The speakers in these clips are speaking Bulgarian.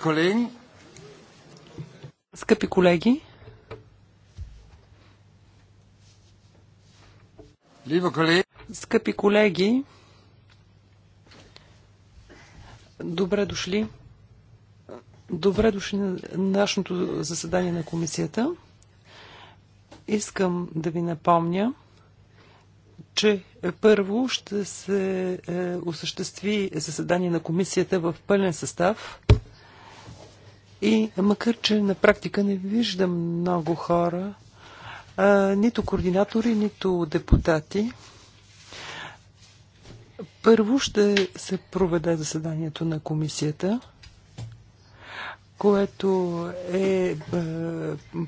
Скъпи колеги. колеги. Скъпи колеги. Добре дошли. Добре дошли на нашето заседание на комисията. Искам да ви напомня, че първо ще се е, осъществи заседание на комисията в пълен състав. И макар, че на практика не виждам много хора, а, нито координатори, нито депутати, първо ще се проведе заседанието на комисията, което е, е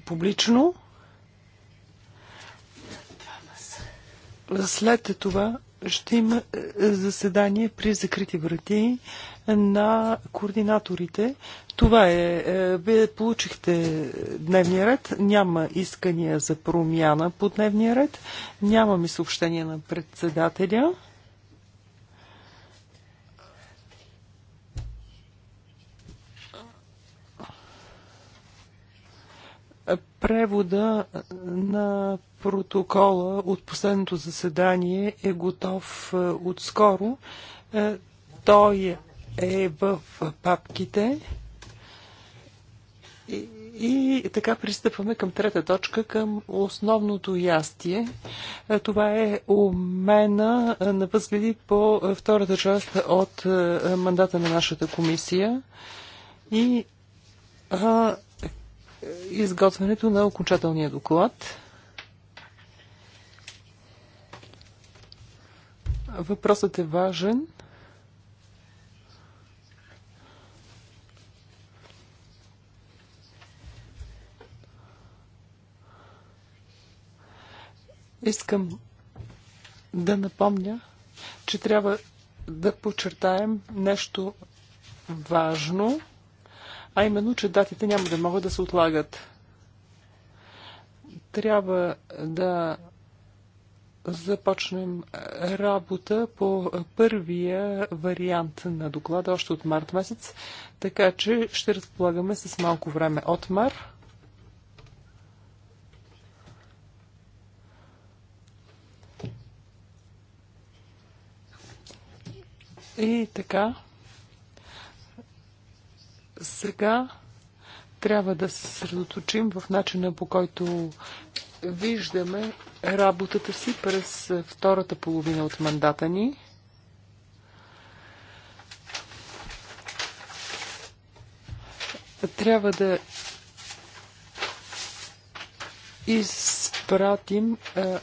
публично. След това ще има е, е, заседание при закрити врати на координаторите. Това е, е. Вие получихте дневния ред. Няма искания за промяна по дневния ред. Нямаме съобщение на председателя. Превода на Протокола от последното заседание е готов е, отскоро. Е, той е в папките. И, и така пристъпваме към трета точка, към основното ястие. Е, това е умена на възгледи по втората част от мандата на нашата комисия и а, изготвянето на окончателния доклад. Въпросът е важен. Искам да напомня, че трябва да подчертаем нещо важно, а именно, че датите няма да могат да се отлагат. Трябва да започнем работа по първия вариант на доклада още от март месец, така че ще разполагаме с малко време от мар. И така, сега трябва да се съсредоточим в начина по който виждаме работата си през втората половина от мандата ни. Трябва да изпратим е,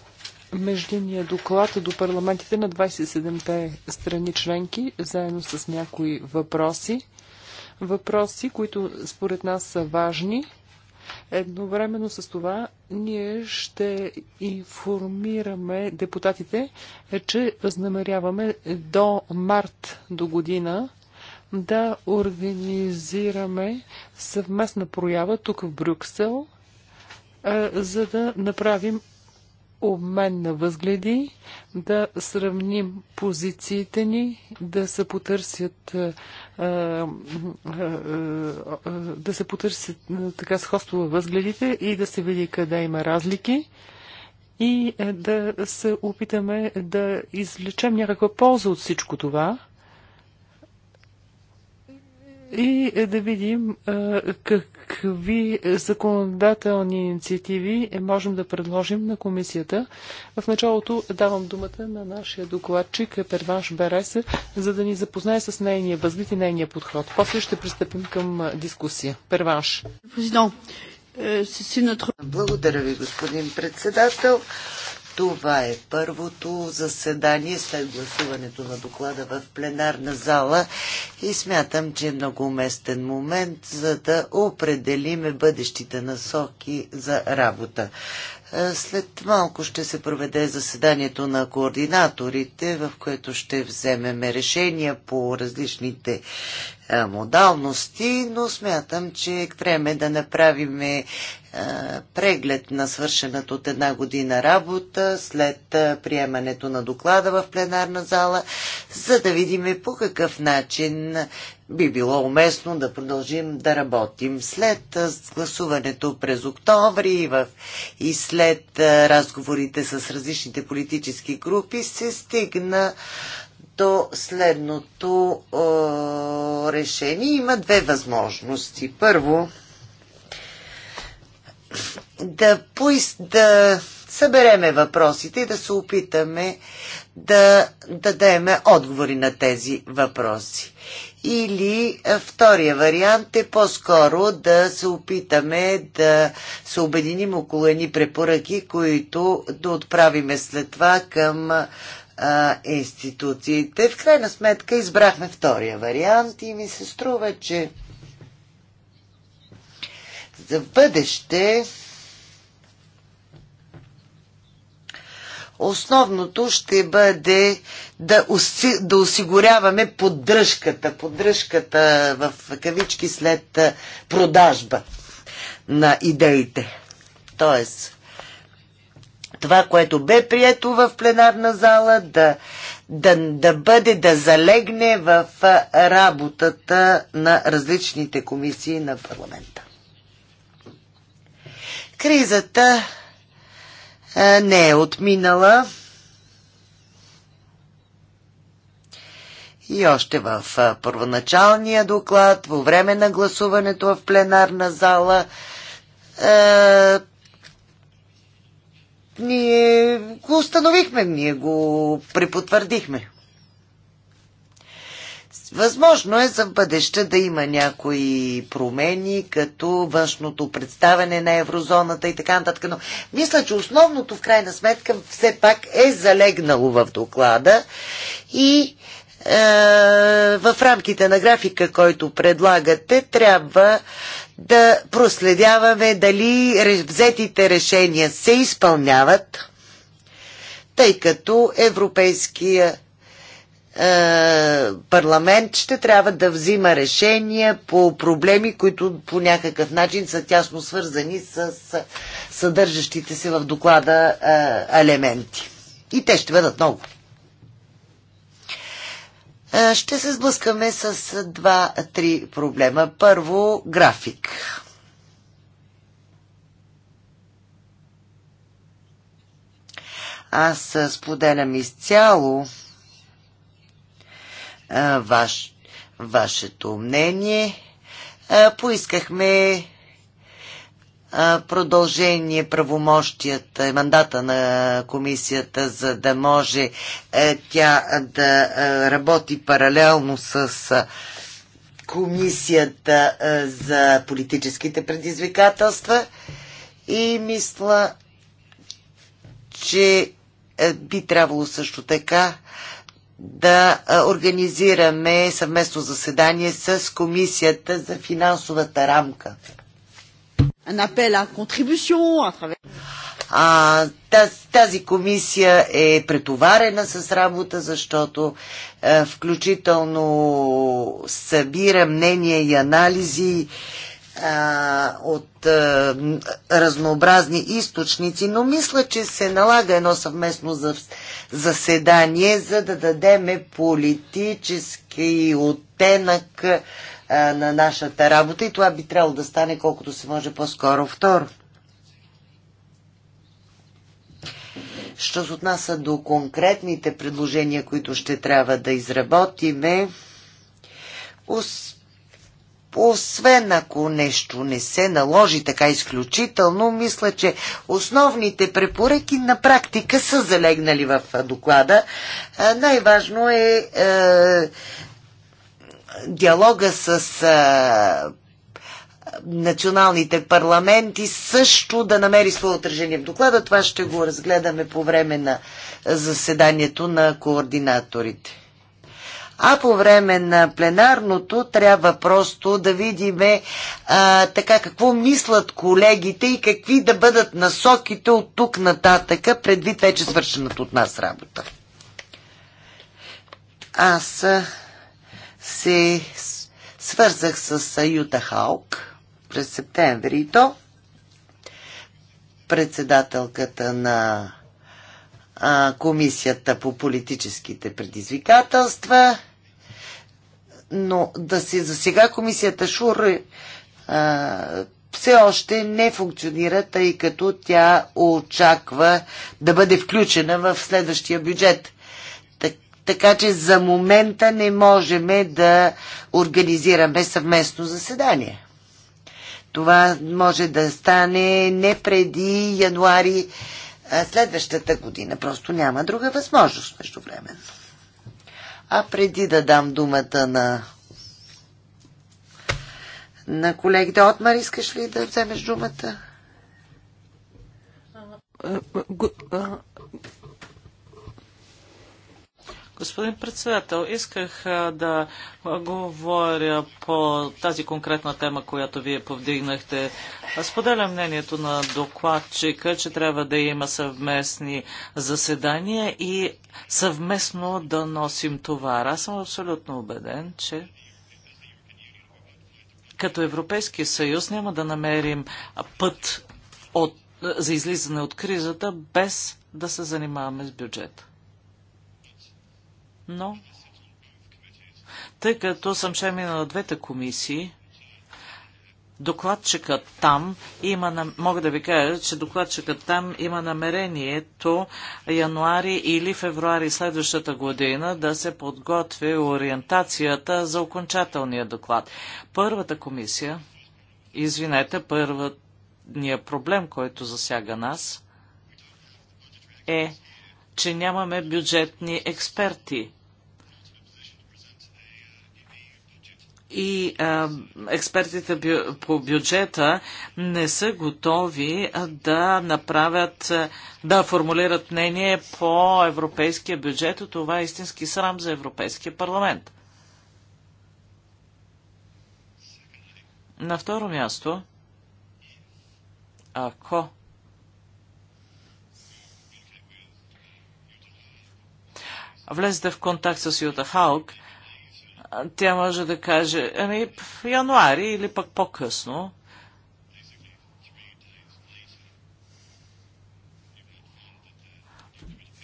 междинния доклад до парламентите на 27-те страни членки, заедно с някои въпроси. Въпроси, които според нас са важни – Едновременно с това ние ще информираме депутатите, че възнамеряваме до март до година да организираме съвместна проява тук в Брюксел, за да направим обмен на възгледи, да сравним позициите ни, да се потърсят да се потърсят така сходство във възгледите и да се види къде има разлики и да се опитаме да извлечем някаква полза от всичко това и да видим как какви е, законодателни инициативи е, можем да предложим на комисията. В началото давам думата на нашия докладчик е, Перванш Берес, за да ни запознае с нейния възглед и нейния подход. После ще пристъпим към дискусия. Перванш. Благодаря ви, господин председател. Това е първото заседание след гласуването на доклада в пленарна зала и смятам, че е много уместен момент, за да определиме бъдещите насоки за работа. Е, след малко ще се проведе заседанието на координаторите, в което ще вземеме решения по различните е, модалности, но смятам, че е време да направим е, преглед на свършената от една година работа след е, приемането на доклада в пленарна зала, за да видим по какъв начин би било уместно да продължим да работим. След е, гласуването през октомври и, след разговорите с различните политически групи се стигна до следното решение. Има две възможности. Първо, да, поис, да събереме въпросите и да се опитаме да дадем отговори на тези въпроси. Или втория вариант е по-скоро да се опитаме да се обединим около едни препоръки, които да отправиме след това към а, институциите. В крайна сметка избрахме втория вариант и ми се струва, че за бъдеще Основното ще бъде да, уси, да осигуряваме поддръжката, поддръжката в кавички след продажба на идеите. Тоест, това, което бе прието в пленарна зала, да, да, да бъде, да залегне в работата на различните комисии на парламента. Кризата не е отминала. И още в първоначалния доклад, во време на гласуването в пленарна зала, а, ние го установихме, ние го препотвърдихме. Възможно е за бъдеще да има някои промени, като външното представяне на еврозоната и така нататък. Но мисля, че основното в крайна сметка все пак е залегнало в доклада и е, в рамките на графика, който предлагате, трябва да проследяваме дали взетите решения се изпълняват, тъй като Европейския е, парламент ще трябва да взима решения по проблеми, които по някакъв начин са тясно свързани с съдържащите се в доклада е, елементи. И те ще бъдат много. Е, ще се сблъскаме с два-три проблема. Първо, график. Аз споделям изцяло ваш, вашето мнение. Поискахме продължение правомощията, мандата на комисията, за да може тя да работи паралелно с комисията за политическите предизвикателства и мисля, че би трябвало също така да организираме съвместно заседание с Комисията за финансовата рамка. А, тази комисия е претоварена с работа, защото включително събира мнения и анализи от а, разнообразни източници, но мисля, че се налага едно съвместно заседание, за да дадеме политически оттенък а, на нашата работа и това би трябвало да стане колкото се може по-скоро. Второ, що се отнася до конкретните предложения, които ще трябва да изработиме, освен ако нещо не се наложи така изключително, мисля, че основните препоръки на практика са залегнали в доклада. Най-важно е, е диалога с е, националните парламенти също да намери своето отражение в доклада. Това ще го разгледаме по време на заседанието на координаторите. А по време на пленарното трябва просто да видиме а, така какво мислят колегите и какви да бъдат насоките от тук нататъка, предвид вече свършената от нас работа. Аз се свързах с Юта Халк през септември и то председателката на а, Комисията по политическите предизвикателства но да се за сега комисията ШУР а, все още не функционира, тъй като тя очаква да бъде включена в следващия бюджет. Так, така че за момента не можем да организираме съвместно заседание. Това може да стане не преди януари следващата година. Просто няма друга възможност между времено. А преди да дам думата на на колегите. Отмар, искаш ли да вземеш думата? Господин председател, исках да говоря по тази конкретна тема, която вие повдигнахте. Споделя мнението на докладчика, че трябва да има съвместни заседания и съвместно да носим товар. Аз съм абсолютно убеден, че като Европейски съюз няма да намерим път от, за излизане от кризата без да се занимаваме с бюджета но тъй като съм шемина на двете комисии, докладчикът там има, мога да ви кажа, че докладчикът там има намерението януари или февруари следващата година да се подготви ориентацията за окончателния доклад. Първата комисия, извинете, първият проблем, който засяга нас, е, че нямаме бюджетни експерти и а, експертите бю, по бюджета не са готови да направят, да формулират мнение по европейския бюджет. Това е истински срам за Европейския парламент. На второ място, ако влезете в контакт с Юта Халк, тя може да каже, ами, в януари или пък по-късно.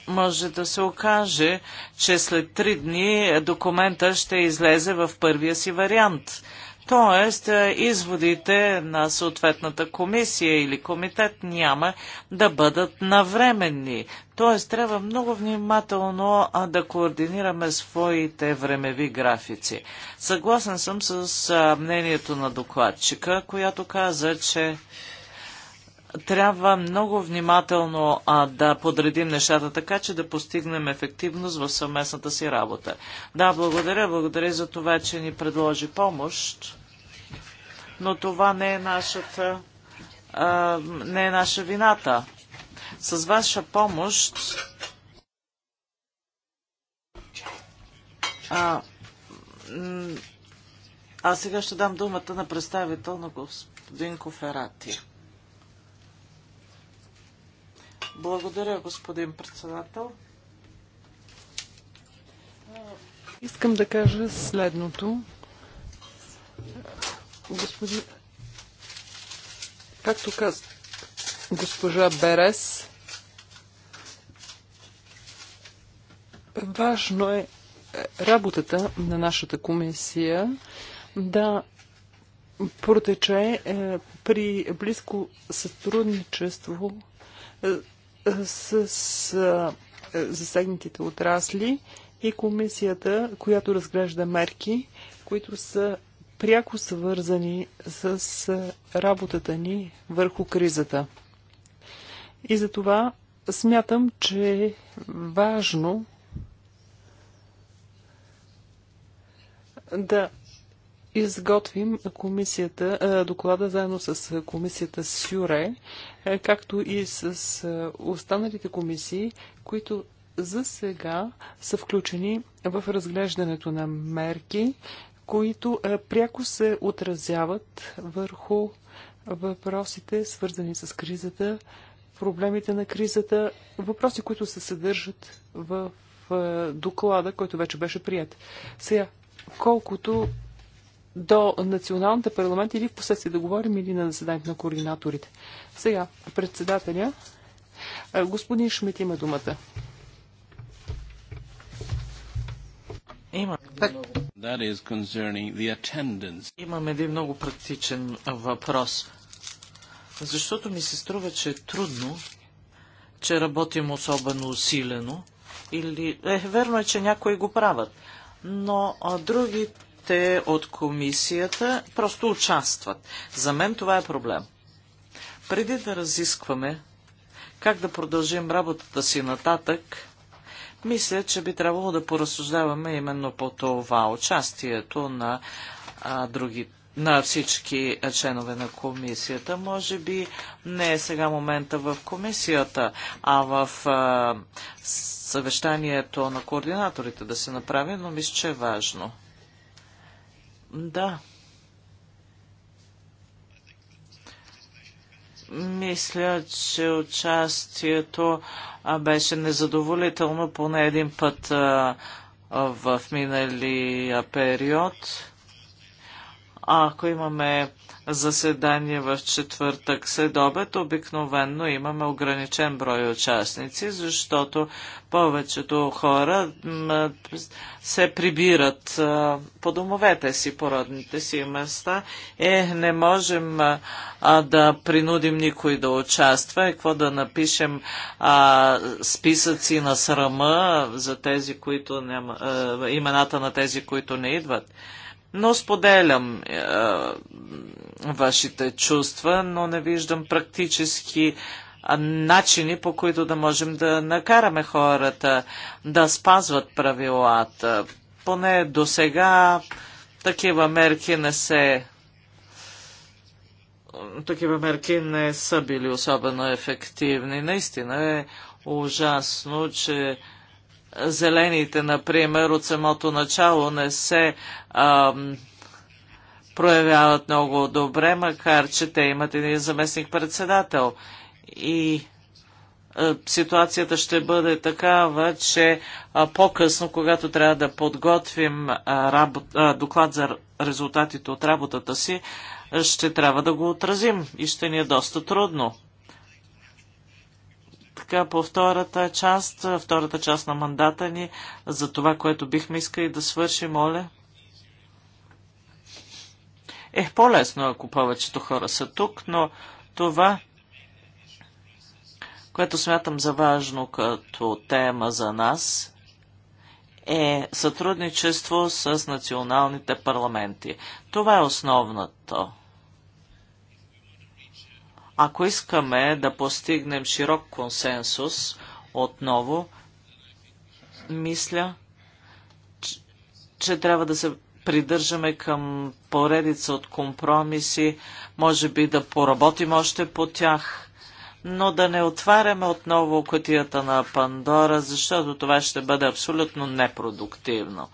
Може да се окаже, че след три дни документа ще излезе в първия си вариант. Тоест, е, изводите на съответната комисия или комитет няма да бъдат навременни. Тоест, трябва много внимателно да координираме своите времеви графици. Съгласен съм с мнението на докладчика, която каза, че трябва много внимателно а, да подредим нещата така, че да постигнем ефективност в съвместната си работа. Да, благодаря, благодаря за това, че ни предложи помощ, но това не е нашата, а, не е наша вината. С ваша помощ а, а сега ще дам думата на представител на господин Коферати. Благодаря, господин председател. Искам да кажа следното. Господи... Както каза госпожа Берес, важно е, е работата на нашата комисия да протече е, при близко сътрудничество е, с е, засегнатите отрасли и комисията, която разглежда мерки, които са пряко свързани с работата ни върху кризата. И за това смятам, че е важно да изготвим комисията, доклада заедно с комисията Сюре, както и с останалите комисии, които за сега са включени в разглеждането на мерки, които пряко се отразяват върху въпросите, свързани с кризата, проблемите на кризата, въпроси, които се съдържат в доклада, който вече беше прият. Сега, колкото до националните парламенти или в последствие да говорим или на заседанието на координаторите. Сега, председателя, е, господин Шмит има думата. Има. Имам един много практичен въпрос. Защото ми се струва, че е трудно, че работим особено усилено, или... Е, верно е, че някои го правят, но а, други колегите от комисията просто участват. За мен това е проблем. Преди да разискваме как да продължим работата си нататък, мисля, че би трябвало да поразсъждаваме именно по това участието на, а, други, на всички членове на комисията. Може би не е сега момента в комисията, а в а, съвещанието на координаторите да се направи, но мисля, че е важно. Да. Мисля, че участието беше незадоволително поне един път в миналия период. Ако имаме заседание в четвъртък след обед, обикновенно имаме ограничен брой участници, защото повечето хора се прибират по домовете си, по родните си места. Е, не можем да принудим никой да участва. Е, какво да напишем а, списъци на срама за тези, които няма, а, имената на тези, които не идват. Но споделям е, вашите чувства, но не виждам практически начини, по които да можем да накараме хората да спазват правилата. Поне до сега такива мерки не се такива мерки не са били особено ефективни. Наистина е ужасно, че зелените, например, от самото начало не се ам, проявяват много добре, макар че те имат един заместник-председател. И а, ситуацията ще бъде такава, че по-късно, когато трябва да подготвим а, работ, а, доклад за резултатите от работата си, ще трябва да го отразим и ще ни е доста трудно сметка по втората част, втората част на мандата ни, за това, което бихме искали да свършим, моля. Е, по-лесно, ако повечето хора са тук, но това, което смятам за важно като тема за нас, е сътрудничество с националните парламенти. Това е основното ако искаме да постигнем широк консенсус, отново, мисля, че, трябва да се придържаме към поредица от компромиси, може би да поработим още по тях, но да не отваряме отново котията на Пандора, защото това ще бъде абсолютно непродуктивно.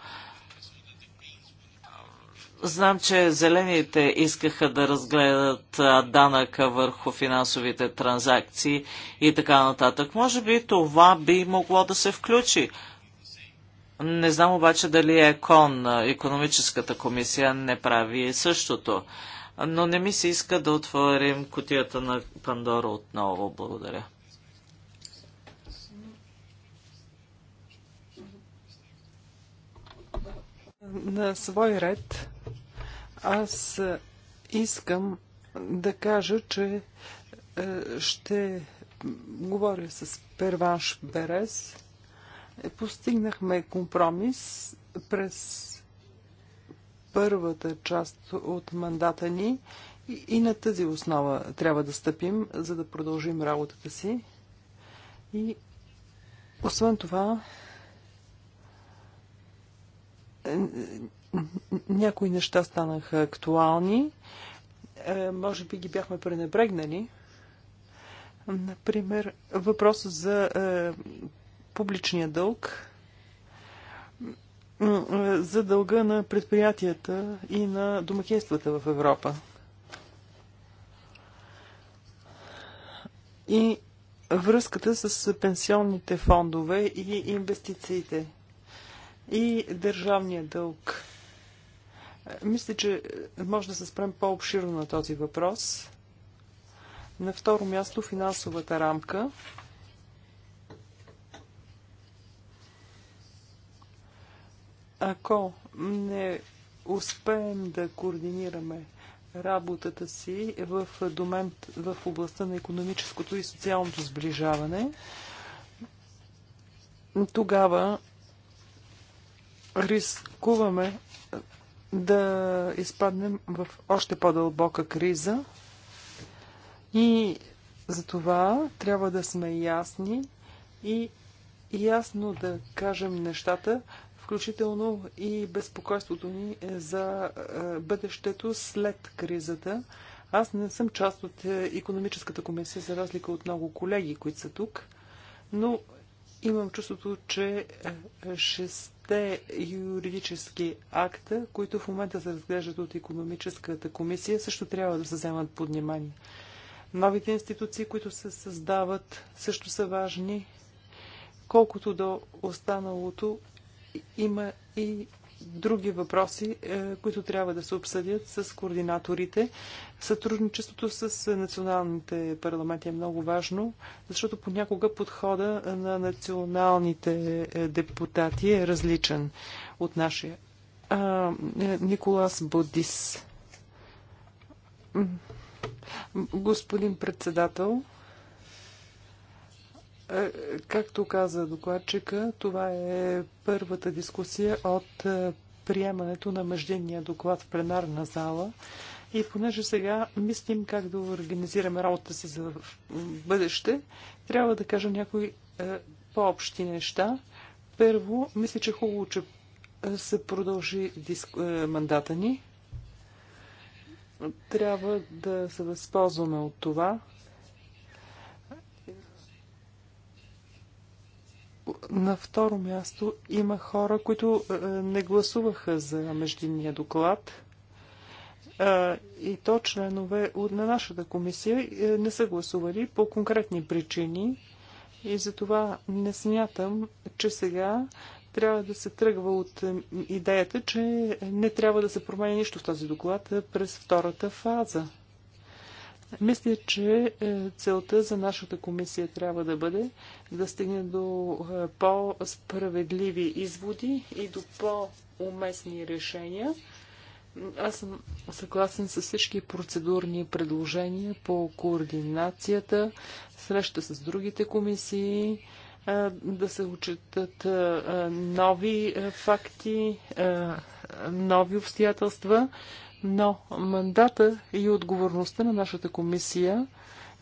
Знам, че зелените искаха да разгледат данъка върху финансовите транзакции и така нататък. Може би това би могло да се включи. Не знам обаче дали ЕКОН, економическата комисия, не прави същото. Но не ми се иска да отворим котията на Пандора отново. Благодаря. На свой ред аз искам да кажа, че е, ще говоря с Перванш Берес. Е, постигнахме компромис през първата част от мандата ни и, и на тази основа трябва да стъпим, за да продължим работата си. И освен това, е, някои неща станаха актуални. Е, може би ги бяхме пренебрегнали. Например, въпросът за е, публичния дълг, е, за дълга на предприятията и на домакинствата в Европа. И връзката с пенсионните фондове и инвестициите и държавния дълг. Мисля, че може да се спрем по-обширно на този въпрос. На второ място финансовата рамка. Ако не успеем да координираме работата си в, домен, в областта на економическото и социалното сближаване, тогава рискуваме да изпаднем в още по-дълбока криза и за това трябва да сме ясни и ясно да кажем нещата, включително и безпокойството ни за е, бъдещето след кризата. Аз не съм част от е, економическата комисия, за разлика от много колеги, които са тук, но имам чувството, че ще те юридически акта, които в момента се разглеждат от економическата комисия, също трябва да се вземат под внимание. Новите институции, които се създават, също са важни. Колкото до останалото, има и други въпроси, е, които трябва да се обсъдят с координаторите. Сътрудничеството с националните парламенти е много важно, защото понякога подхода на националните е, депутати е различен от нашия. Е, Николас Бодис. Господин председател, е, както каза докладчика, това е първата дискусия от е, приемането на междинния доклад в пленарна зала. И понеже сега мислим как да организираме работа си за бъдеще, трябва да кажа някои е, по-общи неща. Първо, мисля, че хубаво, че се продължи диск... мандата ни. Трябва да се възползваме от това, На второ място има хора, които е, не гласуваха за междинния доклад е, и то членове на нашата комисия е, не са гласували по конкретни причини и затова не смятам, че сега трябва да се тръгва от идеята, че не трябва да се променя нищо в този доклад през втората фаза. Мисля, че е, целта за нашата комисия трябва да бъде да стигне до е, по-справедливи изводи и до по-уместни решения. Аз съм съгласен с всички процедурни предложения по координацията, среща с другите комисии, е, да се учитат нови факти, нови обстоятелства, но мандата и отговорността на нашата комисия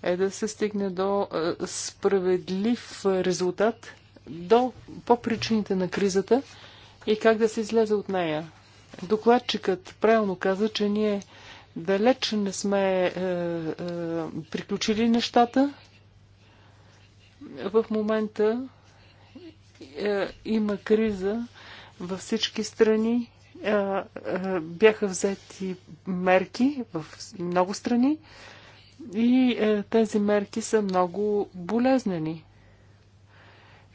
е да се стигне до е, справедлив резултат до, по причините на кризата и как да се излезе от нея. Докладчикът правилно каза, че ние далеч не сме е, е, приключили нещата. В момента е, има криза във всички страни бяха взети мерки в много страни и тези мерки са много болезнени.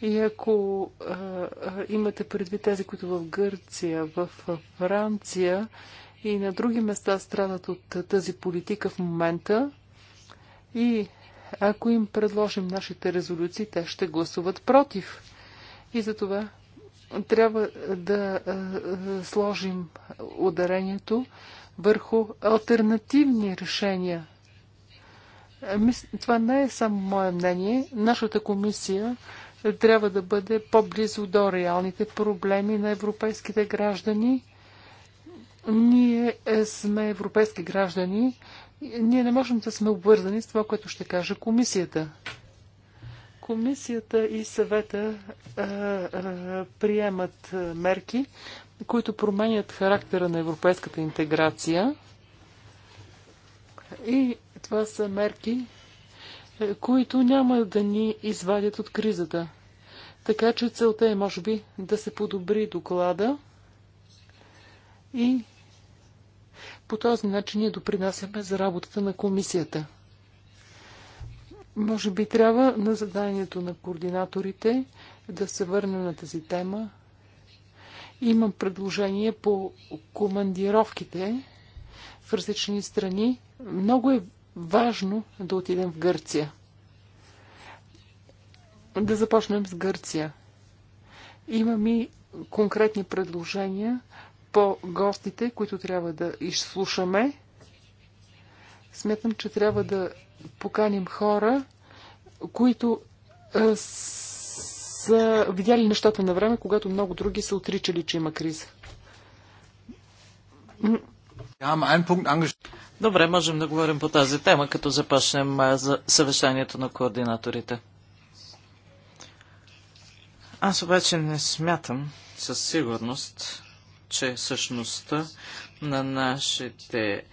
И ако а, а, имате предвид тези, които в Гърция, в Франция и на други места страдат от тази политика в момента, и ако им предложим нашите резолюции, те ще гласуват против. И за това трябва да сложим ударението върху альтернативни решения. Е, това не е само мое мнение. Нашата комисия трябва да бъде по-близо до реалните проблеми на европейските граждани. Ние е, сме европейски граждани. Ние не можем да сме обвързани с това, което ще каже комисията. Комисията и съвета а, а, приемат мерки, които променят характера на европейската интеграция. И това са мерки, е, които няма да ни извадят от кризата. Така че целта е, може би, да се подобри доклада и по този начин ние допринасяме за работата на комисията. Може би трябва на заданието на координаторите да се върне на тази тема. Имам предложение по командировките в различни страни. Много е важно да отидем в Гърция. Да започнем с Гърция. Имам и конкретни предложения по гостите, които трябва да изслушаме. Смятам, че трябва да поканим хора, които а, са видяли нещата на време, когато много други са отричали, че има криза. Добре, можем да говорим по тази тема, като започнем за съвещанието на координаторите. Аз обаче не смятам със сигурност, че същността на нашите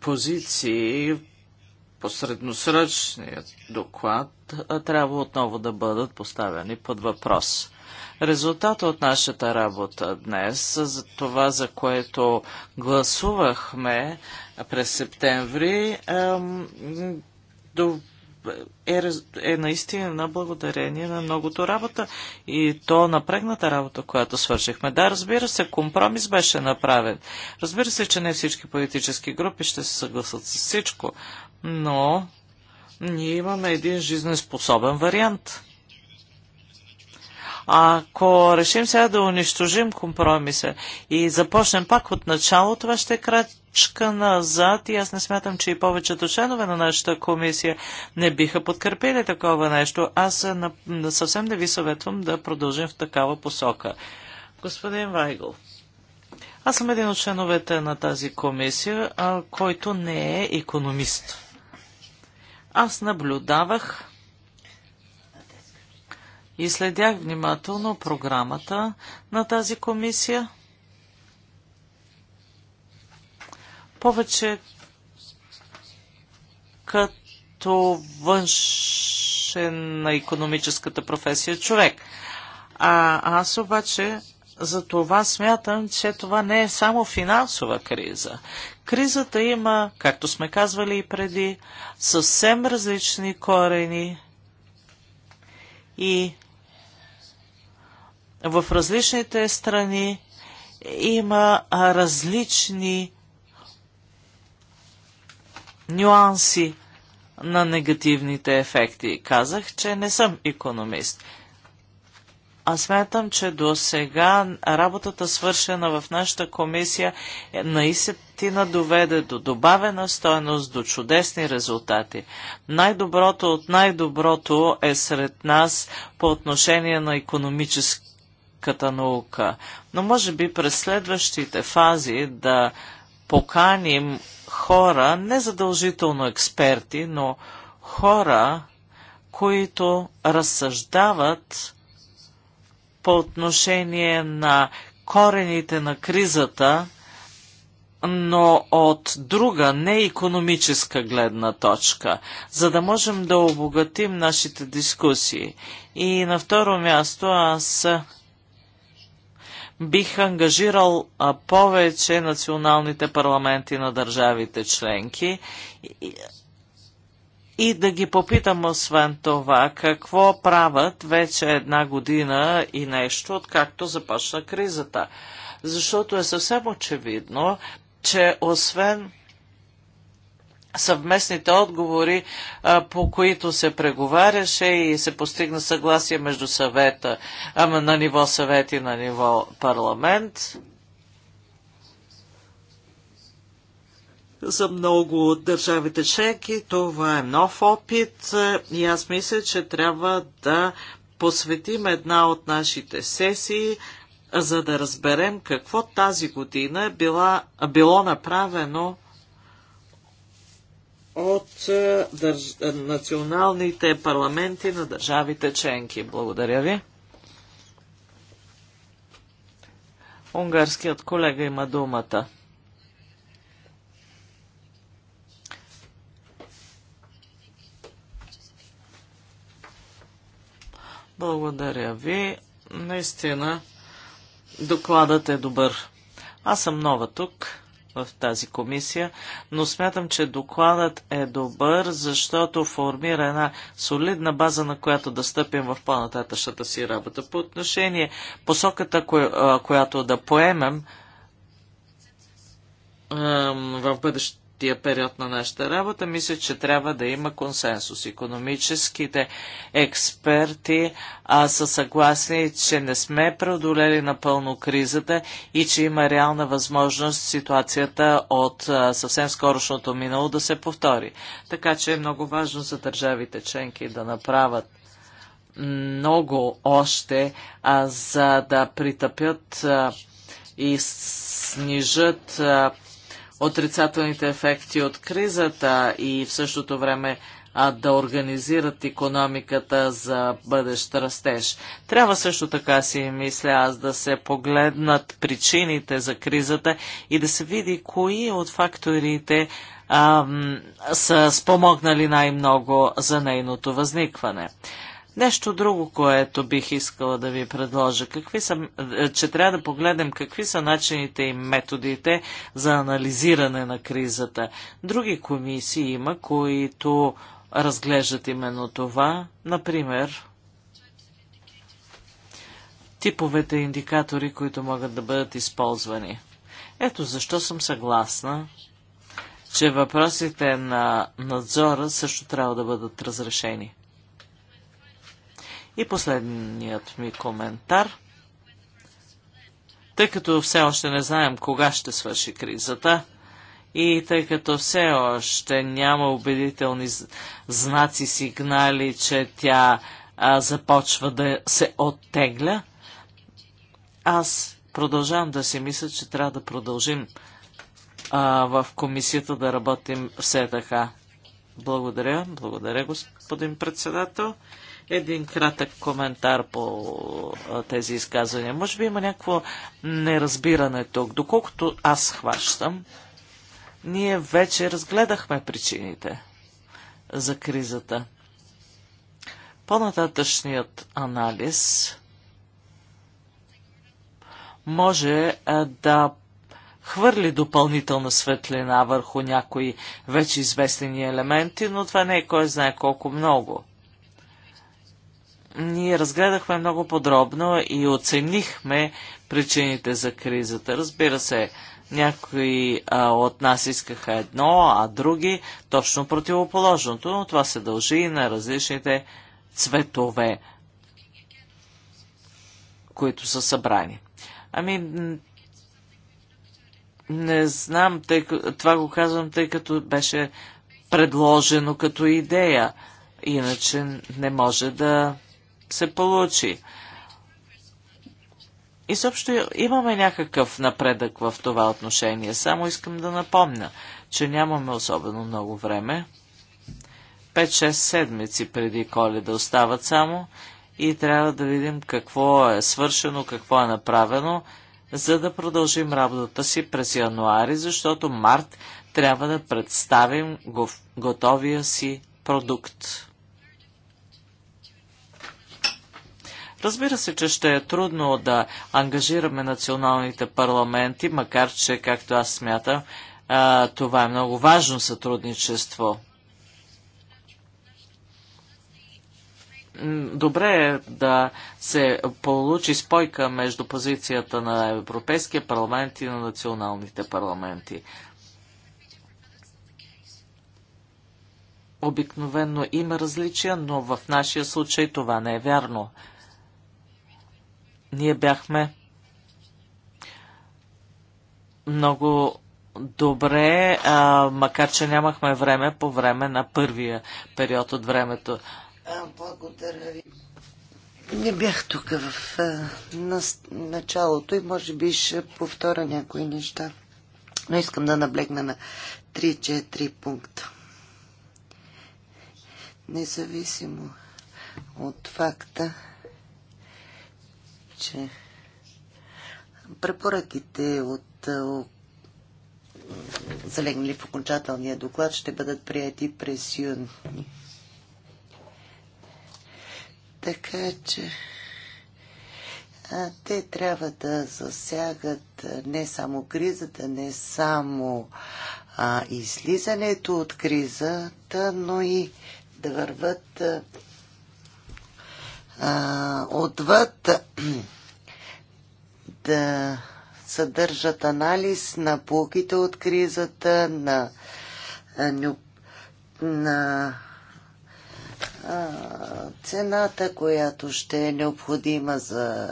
позиции по средносръчният доклад трябва отново да бъдат поставени под въпрос. Резултата от нашата работа днес, за това за което гласувахме през септември, до е, е наистина благодарение на многото работа и то напрегната работа, която свършихме. Да, разбира се, компромис беше направен. Разбира се, че не всички политически групи ще се съгласат с всичко, но ние имаме един жизнеспособен вариант. Ако решим сега да унищожим компромиса и започнем пак от начало, това ще е крат, крачка назад и аз не смятам, че и повечето членове на нашата комисия не биха подкрепили такова нещо. Аз е, съвсем не ви съветвам да продължим в такава посока. Господин Вайгл, Аз съм един от членовете на тази комисия, който не е економист. Аз наблюдавах и следях внимателно програмата на тази комисия – повече като външен на економическата професия човек. А аз обаче за това смятам, че това не е само финансова криза. Кризата има, както сме казвали и преди, съвсем различни корени и в различните страни има различни нюанси на негативните ефекти. Казах, че не съм економист. Аз смятам, че до сега работата свършена в нашата комисия е наистина доведе до добавена стоеност, до чудесни резултати. Най-доброто от най-доброто е сред нас по отношение на економическата наука. Но може би през следващите фази да поканим хора, не задължително експерти, но хора, които разсъждават по отношение на корените на кризата, но от друга, не економическа гледна точка, за да можем да обогатим нашите дискусии. И на второ място аз бих ангажирал а, повече националните парламенти на държавите членки и, и да ги попитам освен това какво правят вече една година и нещо, откакто започна кризата. Защото е съвсем очевидно, че освен съвместните отговори, по които се преговаряше и се постигна съгласие между съвета, на ниво съвет и на ниво парламент. За много от държавите членки това е нов опит и аз мисля, че трябва да посветим една от нашите сесии, за да разберем какво тази година е била, било направено от е, държ... Е, националните парламенти на държавите членки. Благодаря ви. Унгарският колега има думата. Благодаря ви. Наистина, докладът е добър. Аз съм нова тук в тази комисия, но смятам, че докладът е добър, защото формира една солидна база, на която да стъпим в по-нататъчната си работа. По отношение посоката, която да поемем в бъдещето, тия период на нашата работа, мисля, че трябва да има консенсус. Економическите експерти а, са съгласни, че не сме преодолели напълно кризата и че има реална възможност ситуацията от а, съвсем скорошното минало да се повтори. Така че е много важно за държавите членки да направят много още, а, за да притъпят а, и снижат а, отрицателните ефекти от кризата и в същото време а, да организират економиката за бъдещ растеж. Трябва също така си мисля аз да се погледнат причините за кризата и да се види кои от факторите а, са спомогнали най-много за нейното възникване. Нещо друго, което бих искала да ви предложа, какви са, е, че трябва да погледнем какви са начините и методите за анализиране на кризата. Други комисии има, които разглеждат именно това. Например, типовете индикатори, които могат да бъдат използвани. Ето защо съм съгласна, че въпросите на надзора също трябва да бъдат разрешени. И последният ми коментар. Тъй като все още не знаем кога ще свърши кризата и тъй като все още няма убедителни знаци, сигнали, че тя а, започва да се оттегля, аз продължавам да си мисля, че трябва да продължим а, в комисията да работим все така. Благодаря, благодаря господин председател един кратък коментар по тези изказвания. Може би има някакво неразбиране тук. Доколкото аз хващам, ние вече разгледахме причините за кризата. По-нататъчният анализ може да хвърли допълнителна светлина върху някои вече известни елементи, но това не е кой знае колко много. Ние разгледахме много подробно и оценихме причините за кризата. Разбира се, някои а, от нас искаха едно, а други точно противоположното, но това се дължи и на различните цветове, които са събрани. Ами, не знам, тъй, това го казвам, тъй като беше предложено като идея. Иначе не може да се получи. И съобщо имаме някакъв напредък в това отношение. Само искам да напомня, че нямаме особено много време. 5-6 седмици преди коледа остават само и трябва да видим какво е свършено, какво е направено, за да продължим работата си през януари, защото март трябва да представим готовия си продукт. Разбира се, че ще е трудно да ангажираме националните парламенти, макар че, както аз смятам, това е много важно сътрудничество. добре е да се получи спойка между позицията на Европейския парламент и на националните парламенти. Обикновено има различия, но в нашия случай това не е вярно. Ние бяхме много добре, а, макар че нямахме време по време на първия период от времето. А, благодаря ви. Не бях тук в а, на, началото и може би ще повторя някои неща. Но искам да наблегна на 3-4 пункта. Независимо от факта, че препоръките от е, залегнали в окончателния доклад ще бъдат прияти през юни. Така че те трябва да засягат не само кризата, не само а, излизането от кризата, но и да върват а, отвъд да съдържат анализ на полките от кризата, на, на, на цената, която ще е необходима за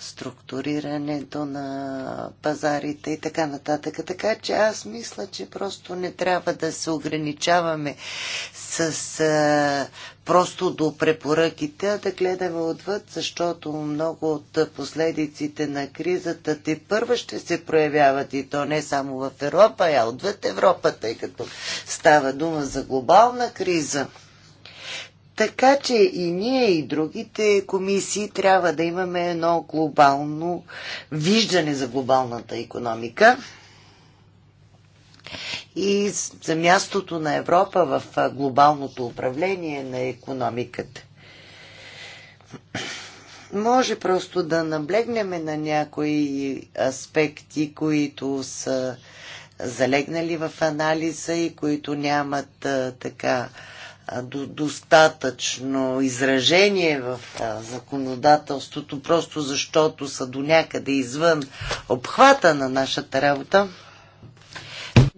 структурирането на пазарите и така нататък. Така че аз мисля, че просто не трябва да се ограничаваме с а, просто до препоръките, а да гледаме отвъд, защото много от последиците на кризата те първа ще се проявяват и то не само в Европа, а отвъд Европа, тъй като става дума за глобална криза. Така че и ние и другите комисии трябва да имаме едно глобално виждане за глобалната економика и за мястото на Европа в глобалното управление на економиката. Може просто да наблегнем на някои аспекти, които са залегнали в анализа и които нямат така до, достатъчно изражение в а, законодателството, просто защото са до някъде извън обхвата на нашата работа.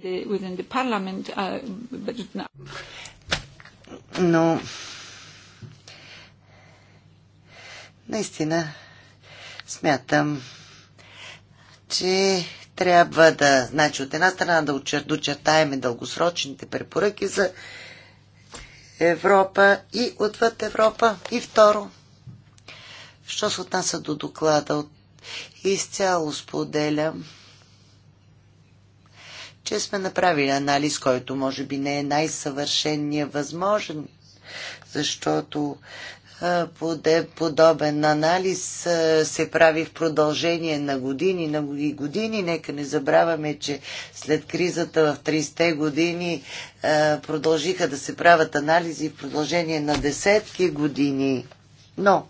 Е, Но наистина смятам, че трябва да, значи от една страна да очертаеме дългосрочните препоръки за Европа и отвъд Европа. И второ, що се отнася до доклада, изцяло споделям, че сме направили анализ, който може би не е най-съвършения възможен, защото подобен анализ се прави в продължение на години, на години. Нека не забравяме, че след кризата в 30-те години продължиха да се правят анализи в продължение на десетки години. Но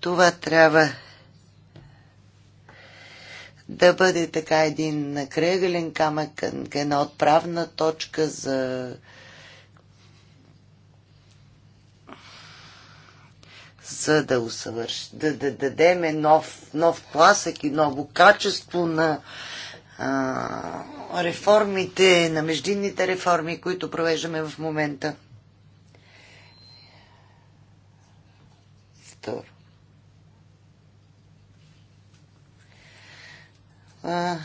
това трябва да бъде така един кръгълен камък, една отправна точка за са да, усъвърш, да, да дадеме нов, нов пласък и ново качество на а, реформите, на междинните реформи, които провеждаме в момента. Второ.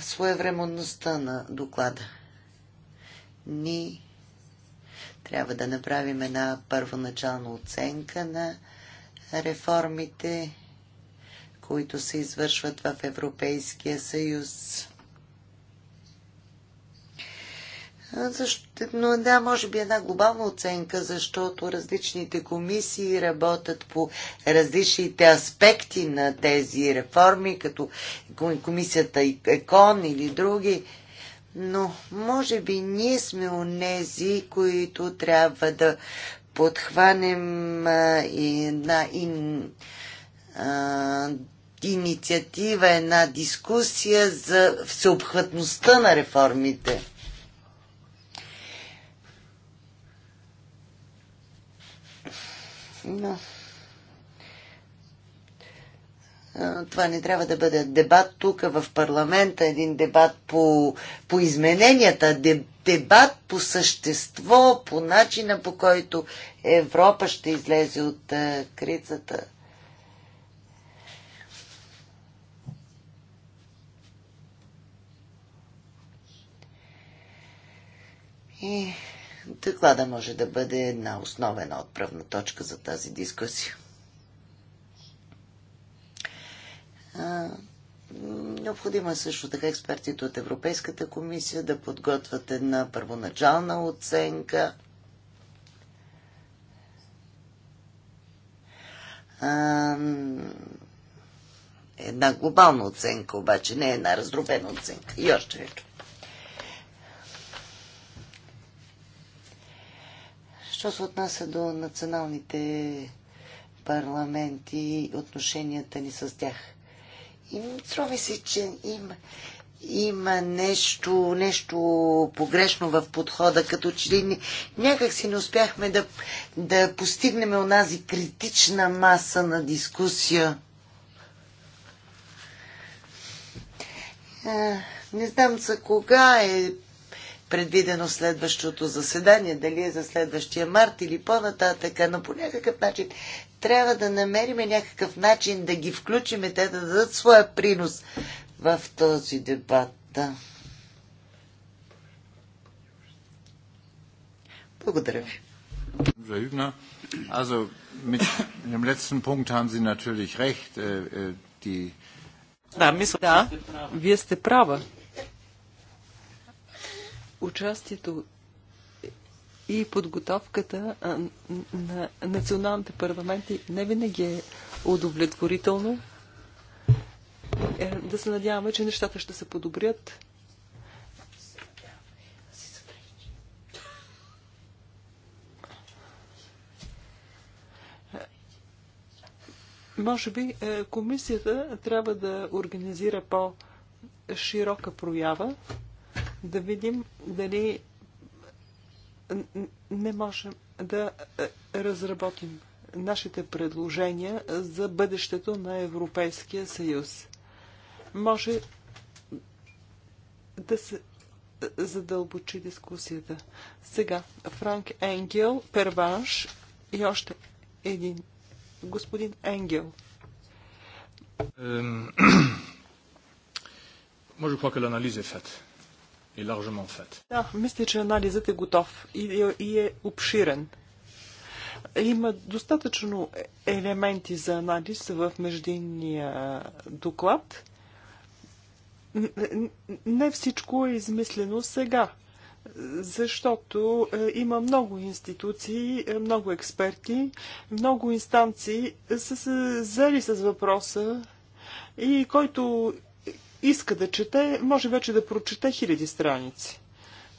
своевременността на доклада. Ни трябва да направим една първоначална оценка на реформите, които се извършват в Европейския съюз. Защо, но да, може би една глобална оценка, защото различните комисии работят по различните аспекти на тези реформи, като комисията ЕКОН или други. Но може би ние сме онези, които трябва да подхванем и една ин, а, инициатива, една дискусия за всеобхватността на реформите. Но това не трябва да бъде дебат тук в парламента, един дебат по, по измененията, дебат по същество, по начина по който Европа ще излезе от кризата. И доклада може да бъде една основена отправна точка за тази дискусия. Необходимо е също така експертите от Европейската комисия да подготвят една първоначална оценка. Една глобална оценка, обаче не една раздробена оценка. И още вече. Що се отнася до националните парламенти и отношенията ни с тях? Струва ми се, че има, има нещо, нещо погрешно в подхода, като че ли някак си не успяхме да, да постигнем онази критична маса на дискусия. Не знам за кога е предвидено следващото заседание, дали е за следващия март или по-нататък, но по някакъв начин трябва да намерим някакъв начин да ги включим, и те да дадат своя принос в този дебат. Да. Благодаря ви. Also mit dem letzten Punkt haben Sie natürlich recht. Äh, äh, die... Да, мисля, да, вие сте права участието и подготовката на националните парламенти не винаги е удовлетворително. Е, да се надяваме, че нещата ще се подобрят. Може би е, комисията трябва да организира по-широка проява да видим дали не можем да е, разработим нашите предложения за бъдещето на Европейския съюз. Може да се е, задълбочи дискусията. Сега Франк Енгел, Перванш и още един. Господин Енгел. Може je crois que l'analyse е largement fait. Да, мисля, че анализът е готов и е, и е обширен. Има достатъчно елементи за анализ в междинния доклад. Не всичко е измислено сега, защото е, има много институции, е, много експерти, много инстанции са се взели с въпроса и който иска да чете, може вече да прочете хиляди страници.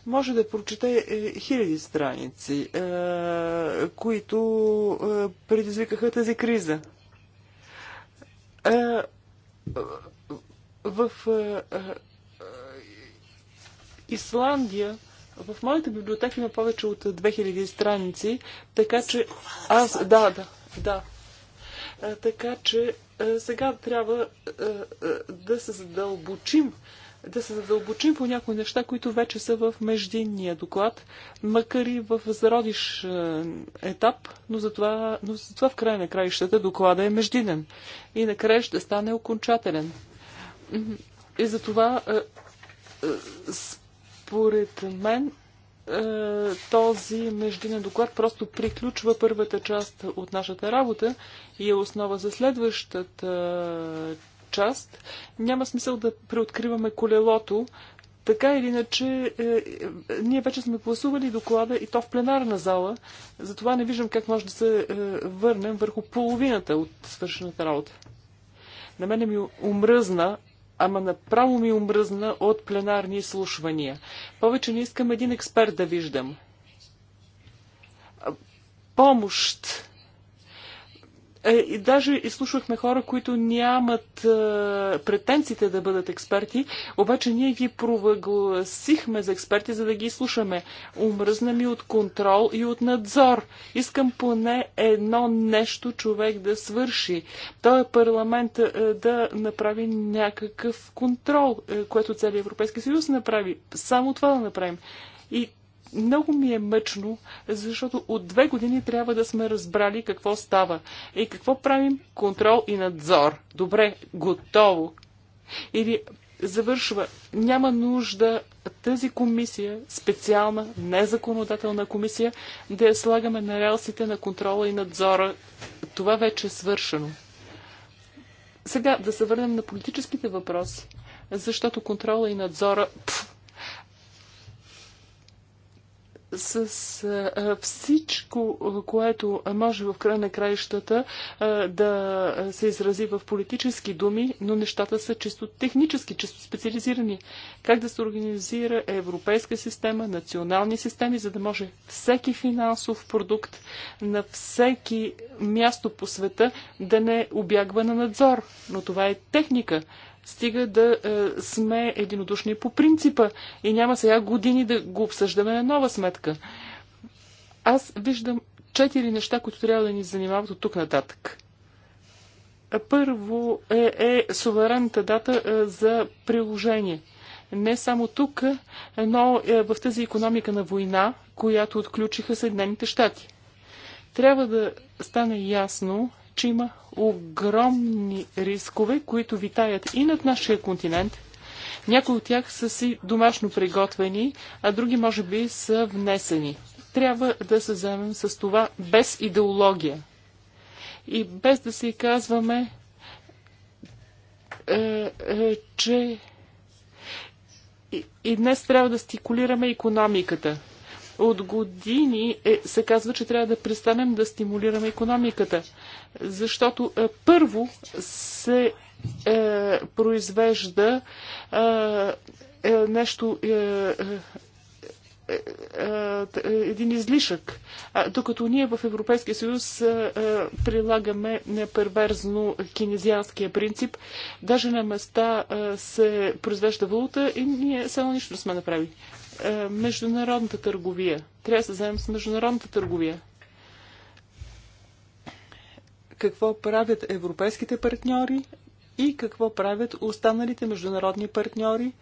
Може да прочете е, хиляди страници, е, които е, предизвикаха тази криза. Е, в е, е, Исландия в моята библиотека има повече от 2000 страници, така че аз... Да, да, да. Така че сега трябва да се задълбочим да се задълбочим по някои неща, които вече са в междинния доклад, макар и в зародиш етап, но затова, но затова в края на краищата доклада е междинен и накрая ще стане окончателен. И затова, според мен, е, този междинен доклад просто приключва първата част от нашата работа и е основа за следващата е, част. Няма смисъл да преоткриваме колелото. Така или иначе, е, е, ние вече сме гласували доклада и то в пленарна зала, затова не виждам как може да се е, върнем върху половината от свършената работа. На мене ми омръзна ама направо ми омръзна от пленарни слушвания. Повече не искам един експерт да виждам. Помощ е, и даже изслушвахме хора, които нямат е, претенциите да бъдат експерти, обаче ние ги провъгласихме за експерти, за да ги слушаме. Умръзна ми от контрол и от надзор. Искам поне едно нещо човек да свърши. Той е парламент е, да направи някакъв контрол, което целият Европейски съюз направи. Само това да направим. И много ми е мъчно, защото от две години трябва да сме разбрали какво става и какво правим контрол и надзор. Добре, готово. Или завършва. Няма нужда тази комисия, специална, незаконодателна комисия, да я слагаме на релсите на контрола и надзора. Това вече е свършено. Сега да се върнем на политическите въпроси, защото контрола и надзора пф, с всичко, което може в края на краищата да се изрази в политически думи, но нещата са чисто технически, чисто специализирани. Как да се организира европейска система, национални системи, за да може всеки финансов продукт на всеки място по света да не обягва на надзор. Но това е техника стига да е, сме единодушни по принципа и няма сега години да го обсъждаме на нова сметка. Аз виждам четири неща, които трябва да ни занимават от тук нататък. Първо е, е суверенната дата е, за приложение. Не само тук, но е, в тази економика на война, която отключиха Съединените щати. Трябва да стане ясно, че има огромни рискове, които витаят и над нашия континент. Някои от тях са си домашно приготвени, а други може би са внесени. Трябва да се вземем с това без идеология. И без да си казваме, е, е, че и, и днес трябва да стикулираме економиката. От години е, се казва, че трябва да престанем да стимулираме економиката защото е, първо се е, произвежда е, е, нещо. Е, е, е, е, е един излишък. Докато ние в Европейския съюз прилагаме перверзно кинезианския принцип, даже на места се произвежда валута и ние само нищо не сме направили. Международната търговия. Трябва да се вземем с международната търговия какво правят европейските партньори и какво правят останалите международни партньори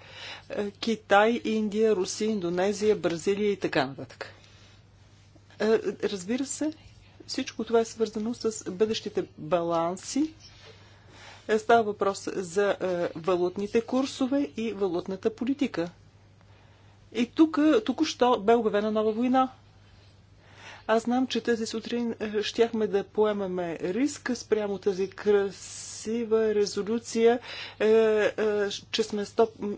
е, Китай, Индия, Русия, Индонезия, Бразилия и така нататък. Е, разбира се, всичко това е свързано с бъдещите баланси. Е, става въпрос за валутните курсове и валутната политика. И тук току-що бе обявена нова война. Аз знам, че тази сутрин е, щяхме да поемаме риск спрямо тази красива резолюция, е, е, че сме 100,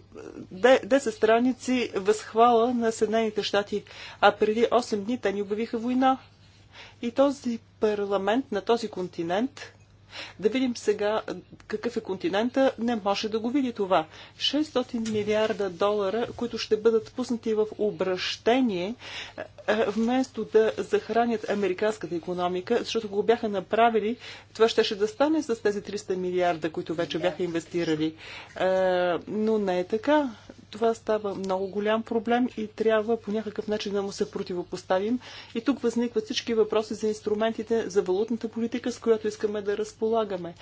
10 страници възхвала на Съединените щати, а преди 8 дни те ни обявиха война. И този парламент на този континент да видим сега какъв е континента, не може да го види това. 600 милиарда долара, които ще бъдат пуснати в обращение, е, вместо да захранят американската економика, защото го бяха направили, това ще да стане с тези 300 милиарда, които вече бяха инвестирали. Е, но не е така това става много голям проблем и трябва по някакъв начин да му се противопоставим. И тук възникват всички въпроси за инструментите, за валутната политика, с която искаме да разполагаме.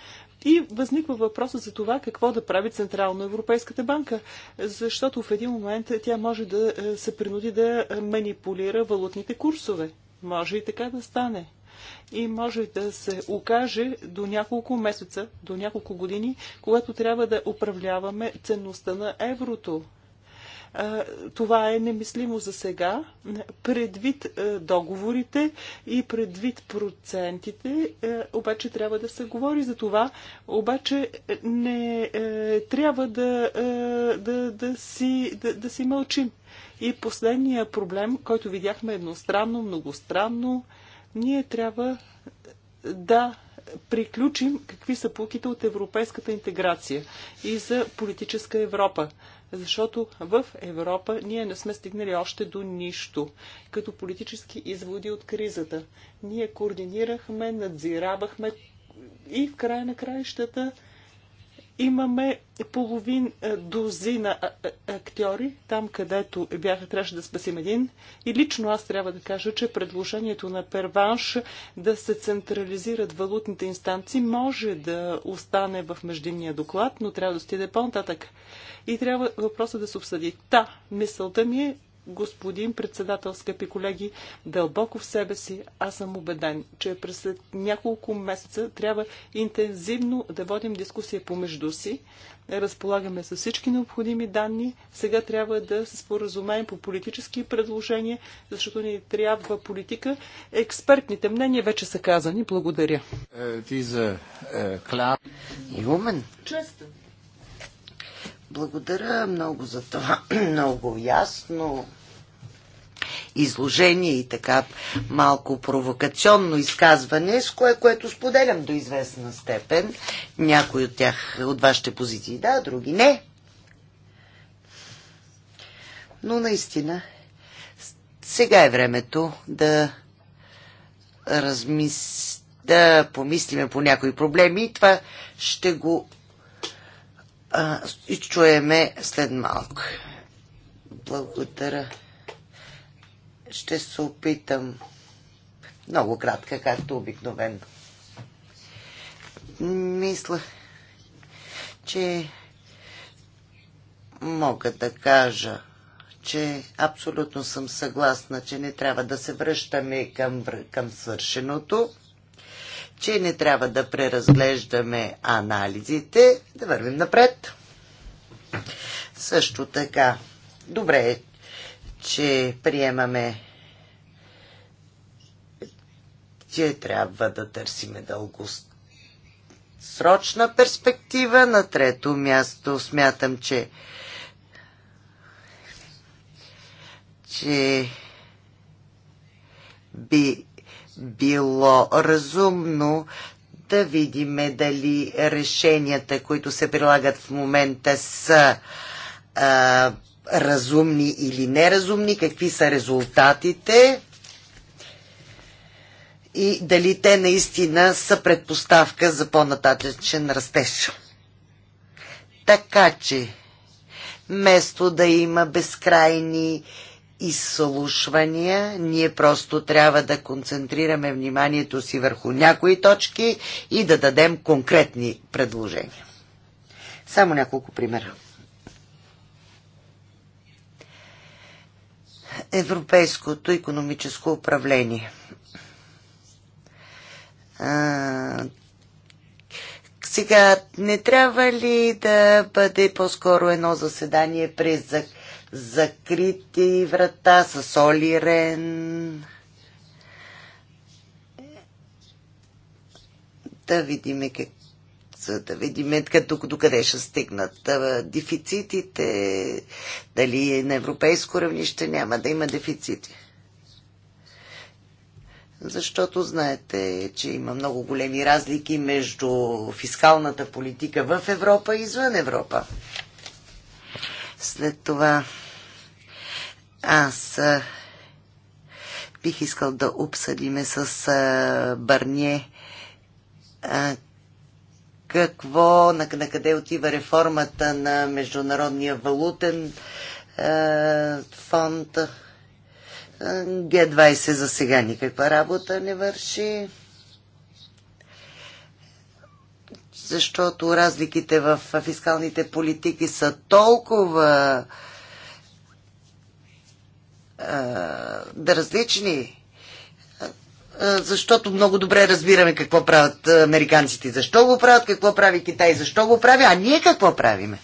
И възниква въпроса за това какво да прави Централно Европейската банка, защото в един момент тя може да е, се принуди да манипулира валутните курсове. Може и така да стане и може да се окаже до няколко месеца, до няколко години, когато трябва да управляваме ценността на еврото. Това е немислимо за сега, предвид е, договорите и предвид процентите, е, обаче трябва да се говори за това, обаче е, не трябва да, да, да, си, да, да си мълчим. И последния проблем, който видяхме едностранно, многостранно, ние трябва да приключим какви са пуките от европейската интеграция и за политическа Европа защото в Европа ние не сме стигнали още до нищо, като политически изводи от кризата. Ние координирахме, надзиравахме и в края на краищата Имаме половин е, дозина актьори, там където бяха, трябваше да спасим един. И лично аз трябва да кажа, че предложението на перванш да се централизират валутните инстанции може да остане в междинния доклад, но трябва да стиде по-нататък. И трябва въпросът да се обсъди. Та, мисълта ми е господин председател, скъпи колеги, дълбоко в себе си аз съм убеден, че през няколко месеца трябва интензивно да водим дискусия помежду си. Разполагаме с всички необходими данни. Сега трябва да се споразумеем по политически предложения, защото ни трябва политика. Експертните мнения вече са казани. Благодаря. Е, ти за е, Клар. Честен. Благодаря много за това много ясно изложение и така малко провокационно изказване, с кое, което споделям до известна степен. Някои от тях, от вашите позиции да, други не. Но наистина, сега е времето да размис... да помислиме по някои проблеми и това ще го и чуеме след малко. Благодаря. Ще се опитам. Много кратка, както обикновено. Мисля, че мога да кажа, че абсолютно съм съгласна, че не трябва да се връщаме към, към свършеното че не трябва да преразглеждаме анализите, да вървим напред. Също така, добре е, че приемаме че трябва да търсиме дългост срочна перспектива. На трето място смятам, че че би било разумно да видиме дали решенията, които се прилагат в момента са а, разумни или неразумни, какви са резултатите и дали те наистина са предпоставка за по-нататъчен растеж. Така че, вместо да има безкрайни изслушвания. Ние просто трябва да концентрираме вниманието си върху някои точки и да дадем конкретни предложения. Само няколко примера. Европейското економическо управление. А, сега, не трябва ли да бъде по-скоро едно заседание през закрити врата с олирен. Да видиме как за да видим като до къде ще стигнат дефицитите, дали е на европейско равнище няма да има дефицити. Защото знаете, че има много големи разлики между фискалната политика в Европа и извън Европа. След това аз бих искал да обсъдиме с Барние какво, на, на къде отива реформата на Международния валутен фонд. Г20 за сега никаква работа не върши, защото разликите в фискалните политики са толкова да различни защото много добре разбираме какво правят американците, защо го правят, какво прави Китай, защо го прави, а ние какво правиме.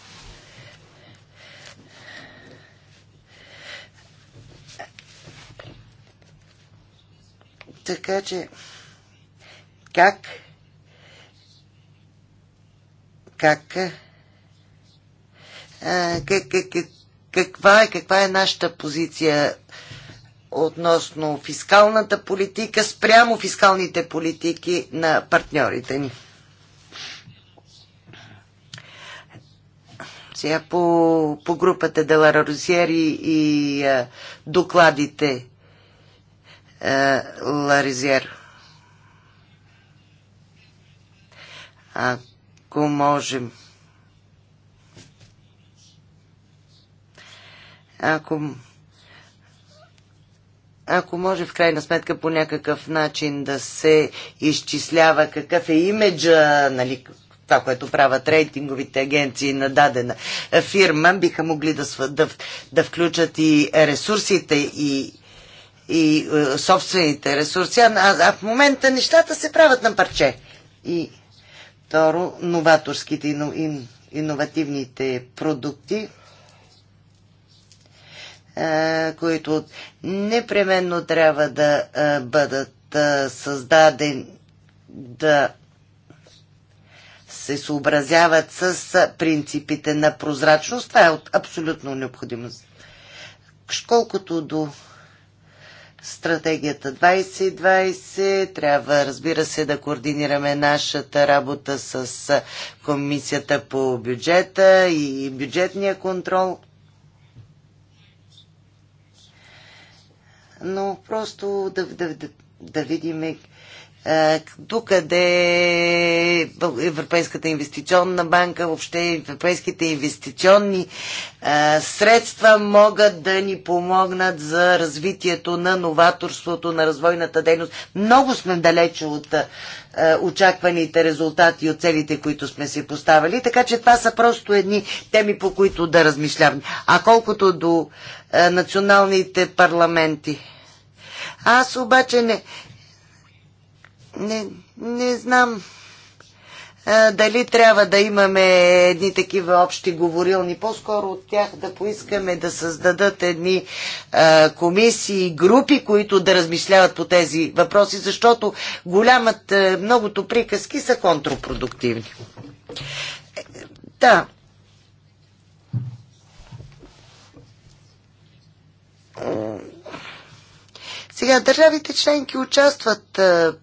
Така че, как, как, а, как, как, как каква е, каква е нашата позиция относно фискалната политика спрямо фискалните политики на партньорите ни. Сега по, по групата Делара Розиери и а, докладите а, Ларизер. Ако можем Ако, ако може в крайна сметка по някакъв начин да се изчислява какъв е имиджа, нали, това, което правят рейтинговите агенции на дадена фирма, биха могли да, да, да включат и ресурсите и и е, собствените ресурси, а, а в момента нещата се правят на парче. И второ, новаторските и иновативните продукти е, които непременно трябва да е, бъдат е, създадени, да се съобразяват с принципите на прозрачност. Това е от абсолютно необходимост. Колкото до стратегията 2020. Трябва, разбира се, да координираме нашата работа с Комисията по бюджета и бюджетния контрол. но просто да, да, да, да видим е, докъде Европейската инвестиционна банка, въобще европейските инвестиционни е, средства могат да ни помогнат за развитието на новаторството, на развойната дейност. Много сме далече от е, очакваните резултати и от целите, които сме си поставили. Така че това са просто едни теми, по които да размишляваме. А колкото до националните парламенти. Аз обаче не, не, не знам а, дали трябва да имаме едни такива общи говорилни. По-скоро от тях да поискаме да създадат едни а, комисии, групи, които да размишляват по тези въпроси, защото голямат многото приказки са контрпродуктивни. Да. Сега държавите членки участват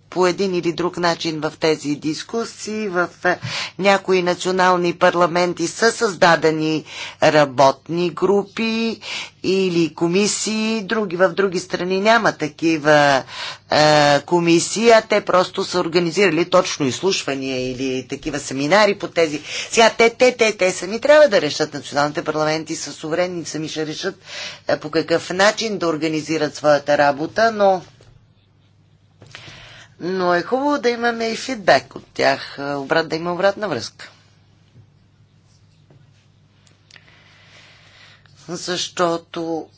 по един или друг начин в тези дискусии. В е, някои национални парламенти са създадени работни групи или комисии, други в други страни няма такива е, комисии, а те просто са организирали точно изслушвания или такива семинари по тези. Сега те, те, те, те сами трябва да решат. Националните парламенти са суверенни, сами ще решат е, по какъв начин да организират своята работа, но но е хубаво да имаме и фидбек от тях, обрат, да има обратна връзка. Защото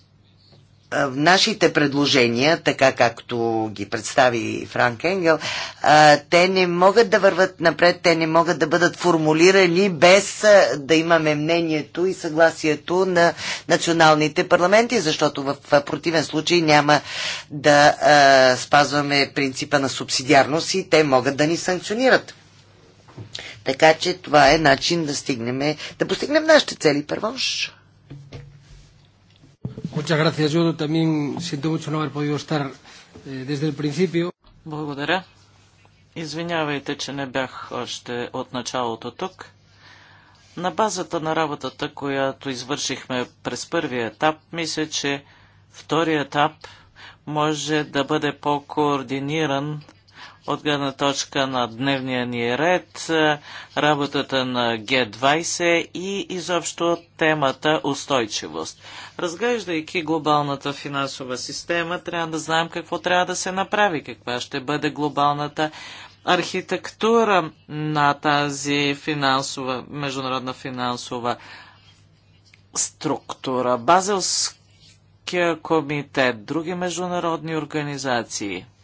в нашите предложения, така както ги представи Франк Енгел, те не могат да върват напред, те не могат да бъдат формулирани без да имаме мнението и съгласието на националните парламенти, защото в противен случай няма да спазваме принципа на субсидиарност и те могат да ни санкционират. Така че това е начин да стигнем, да постигнем нашите цели. първо. Muchas gracias. Yo también siento mucho no haber podido estar eh, desde el principio. Благодаря. Извинявайте, че не бях още от началото тук. На базата на работата, която извършихме през първия етап, мисля, че втория етап може да бъде по-координиран от гледна точка на дневния ни ред, е, работата на Г-20 и изобщо темата устойчивост. Разглеждайки глобалната финансова система, трябва да знаем какво трябва да се направи, каква ще бъде глобалната архитектура на тази финансова, международна финансова структура. Базелския комитет, други международни организации –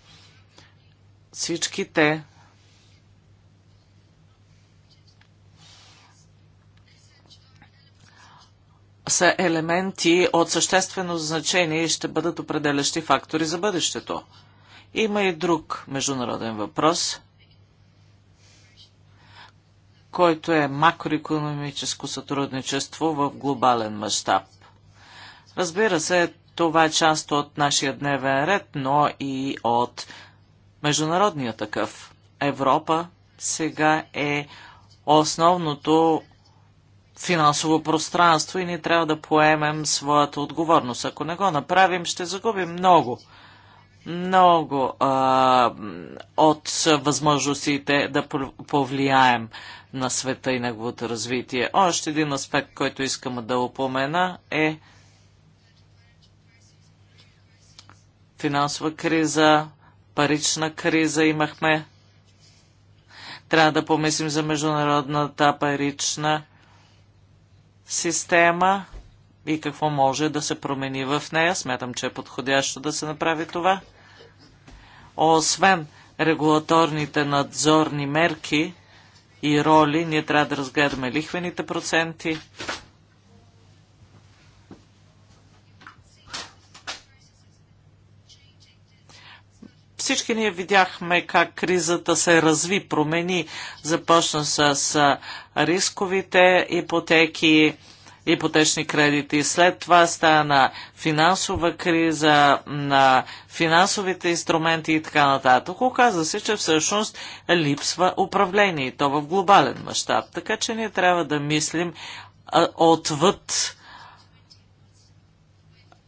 всички те са елементи от съществено значение и ще бъдат определящи фактори за бъдещето. Има и друг международен въпрос, който е макроекономическо сътрудничество в глобален мащаб. Разбира се, това е част от нашия дневен ред, но и от международния такъв. Европа сега е основното финансово пространство и ние трябва да поемем своята отговорност. Ако не го направим, ще загубим много, много а, от възможностите да повлияем на света и неговото развитие. Още един аспект, който искам да упомена е финансова криза, парична криза имахме. Трябва да помислим за международната парична система и какво може да се промени в нея. Смятам, че е подходящо да се направи това. Освен регулаторните надзорни мерки и роли, ние трябва да разгледаме лихвените проценти Всички ние видяхме как кризата се разви, промени, започна с рисковите ипотеки, ипотечни кредити. След това стана финансова криза на финансовите инструменти и така нататък. Оказа се, че всъщност липсва управление и то в глобален мащаб. Така че ние трябва да мислим отвъд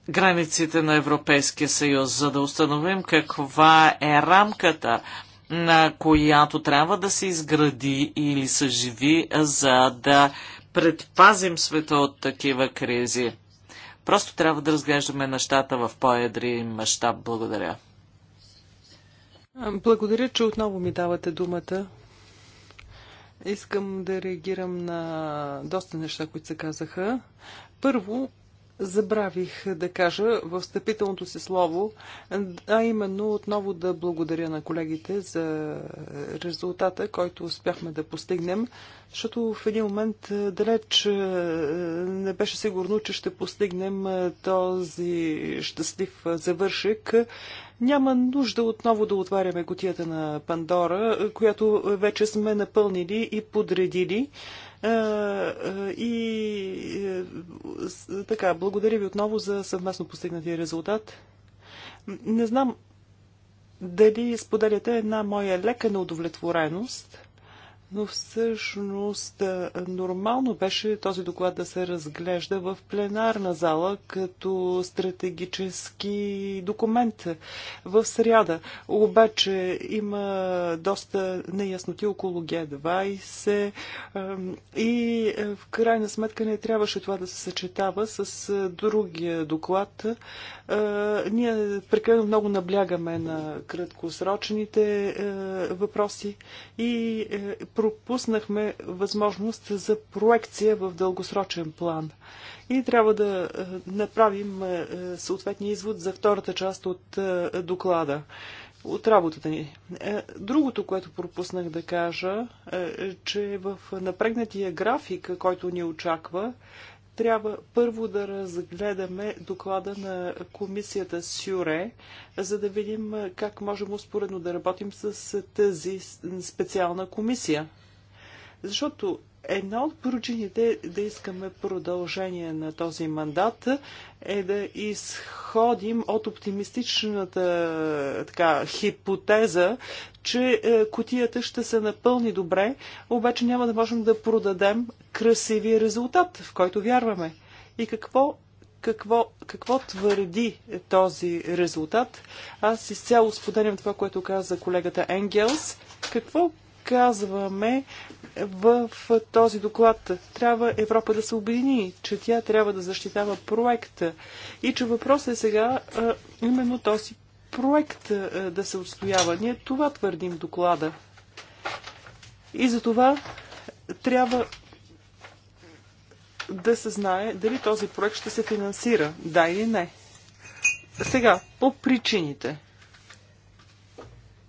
границите на Европейския съюз, за да установим каква е рамката, на която трябва да се изгради или съживи, за да предпазим света от такива кризи. Просто трябва да разглеждаме нещата в по-едри мащаб. Благодаря. Благодаря, че отново ми давате думата. Искам да реагирам на доста неща, които се казаха. Първо, Забравих да кажа в встъпителното си слово, а именно отново да благодаря на колегите за резултата, който успяхме да постигнем, защото в един момент е, далеч е, не беше сигурно, че ще постигнем е, този щастлив завършик. Няма нужда отново да отваряме котията на Пандора, която вече сме напълнили и подредили. И е, така, благодаря ви отново за съвместно постигнатия резултат. Не знам дали споделяте една моя лека неудовлетвореност но всъщност нормално беше този доклад да се разглежда в пленарна зала като стратегически документ в сряда. Обаче има доста неясноти около Г20 и в крайна сметка не трябваше това да се съчетава с другия доклад. Ние прекалено много наблягаме на краткосрочните въпроси и пропуснахме възможност за проекция в дългосрочен план. И трябва да е, направим е, съответния извод за втората част от е, доклада, от работата ни. Другото, което пропуснах да кажа, е, че в напрегнатия график, който ни очаква, трябва първо да разгледаме доклада на комисията Сюре, за да видим как можем успоредно да работим с тази специална комисия. Защото една от причините да искаме продължение на този мандат е да изходим от оптимистичната така, хипотеза, че е, котията ще се напълни добре, обаче няма да можем да продадем красивия резултат, в който вярваме. И какво какво, какво твърди този резултат. Аз изцяло споделям това, което каза колегата Енгелс. Какво казваме в този доклад? Трябва Европа да се обедини, че тя трябва да защитава проекта и че въпросът е сега е, именно този проект е, да се отстоява. Ние това твърдим в доклада. И за това трябва да се знае дали този проект ще се финансира, да или не. Сега, по причините.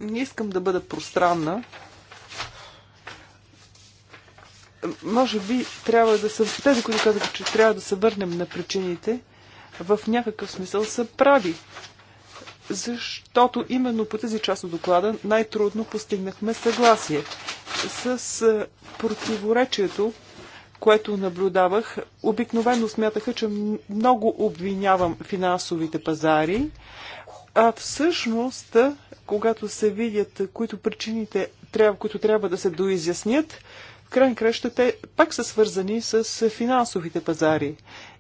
Не искам да бъда пространна. Може би трябва да се... Тези, които казаха, че трябва да се върнем на причините, в някакъв смисъл са прави защото именно по тази част от доклада най-трудно постигнахме съгласие с противоречието, което наблюдавах. Обикновено смятаха, че много обвинявам финансовите пазари, а всъщност, когато се видят, които причините, трябва, които трябва да се доизяснят, в край краща те пак са свързани с финансовите пазари.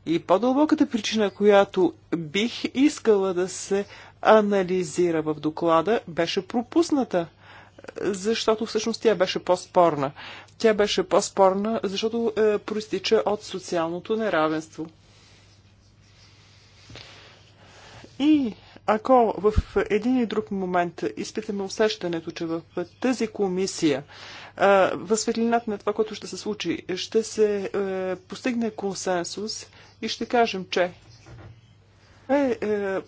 И по-дълбоката причина, която бих искала да се анализира в доклада, беше пропусната, защото всъщност тя беше по-спорна. Тя беше по-спорна, защото е, проистича от социалното неравенство. И ако в един и друг момент изпитаме усещането, че в тази комисия е, в светлината на това, което ще се случи, ще се е, постигне консенсус и ще кажем, че е, е, е,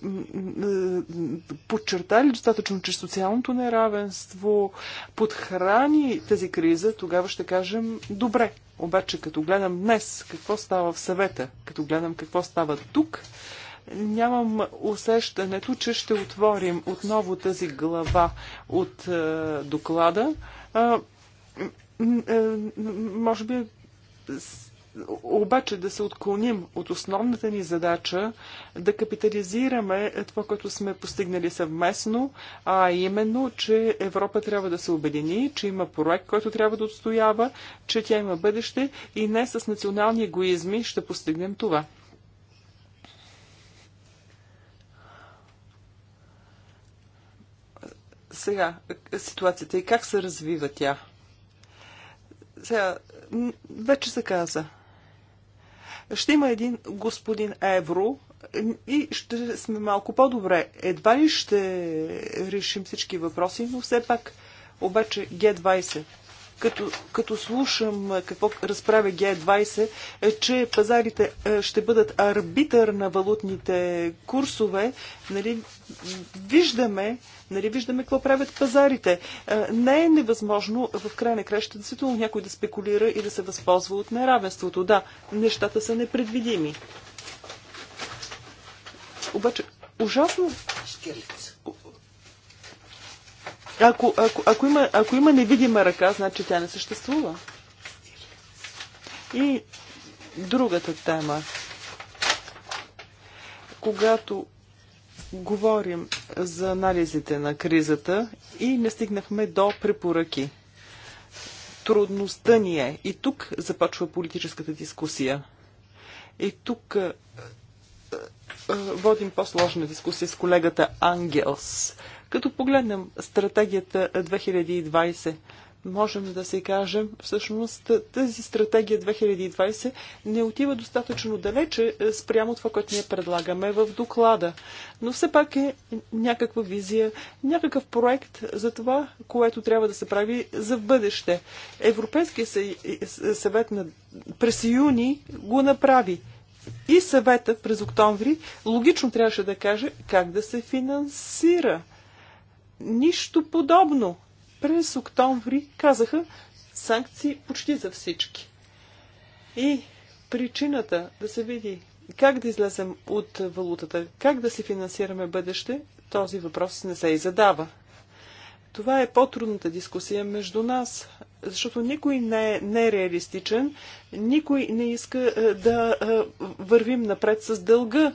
подчертали достатъчно, че социалното неравенство подхрани тази криза, тогава ще кажем добре. Обаче, като гледам днес какво става в съвета, като гледам какво става тук, нямам усещането, че ще отворим отново тази глава от е, доклада. Е, е, може би обаче да се отклоним от основната ни задача да капитализираме това, което сме постигнали съвместно, а именно, че Европа трябва да се обедини, че има проект, който трябва да отстоява, че тя има бъдеще и не с национални егоизми ще постигнем това. Сега, ситуацията и как се развива тя? Сега, вече се каза – ще има един господин евро и ще сме малко по-добре. Едва ли ще решим всички въпроси, но все пак обаче Г20 като, като слушам е, какво разправя Г20, е, че пазарите е, ще бъдат арбитър на валутните курсове, нали, виждаме, нали, виждаме какво правят пазарите. Не е невъзможно в край на краща действително някой да спекулира и да се възползва от неравенството. Да, нещата са непредвидими. Обаче, ужасно... Штирлиц. Ако, ако, ако, има, ако има невидима ръка, значи тя не съществува. И другата тема. Когато говорим за анализите на кризата и не стигнахме до препоръки. Трудността ни е. И тук започва политическата дискусия. И тук водим по-сложна дискусия с колегата Ангелс. Като погледнем стратегията 2020, можем да си кажем, всъщност тази стратегия 2020 не отива достатъчно далече е, спрямо това, което ние предлагаме в доклада. Но все пак е някаква визия, някакъв проект за това, което трябва да се прави за бъдеще. Европейския съвет на... през юни го направи. И съвета през октомври логично трябваше да каже как да се финансира Нищо подобно. През октомври казаха санкции почти за всички. И причината да се види как да излезем от валутата, как да си финансираме бъдеще, този въпрос не се и задава. Това е по-трудната дискусия между нас, защото никой не е нереалистичен, никой не иска е, да е, вървим напред с дълга.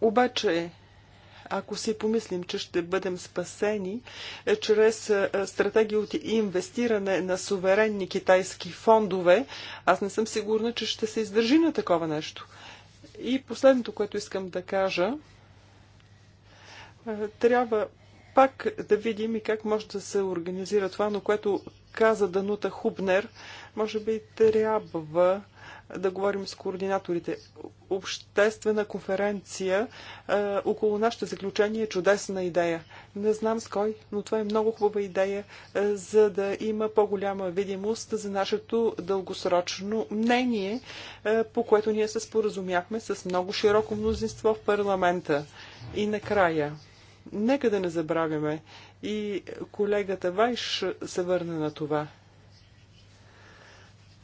Обаче ако си помислим, че ще бъдем спасени е, чрез е, стратегия от инвестиране на суверенни китайски фондове, аз не съм сигурна, че ще се издържи на такова нещо. И последното, което искам да кажа, е, трябва пак да видим и как може да се организира това, но което каза Данута Хубнер, може би трябва да говорим с координаторите. Обществена конференция е, около нашите заключения е чудесна идея. Не знам с кой, но това е много хубава идея, е, за да има по-голяма видимост за нашето дългосрочно мнение, е, по което ние се споразумяхме с много широко мнозинство в парламента. И накрая. Нека да не забравяме. И колегата Вайш се върна на това –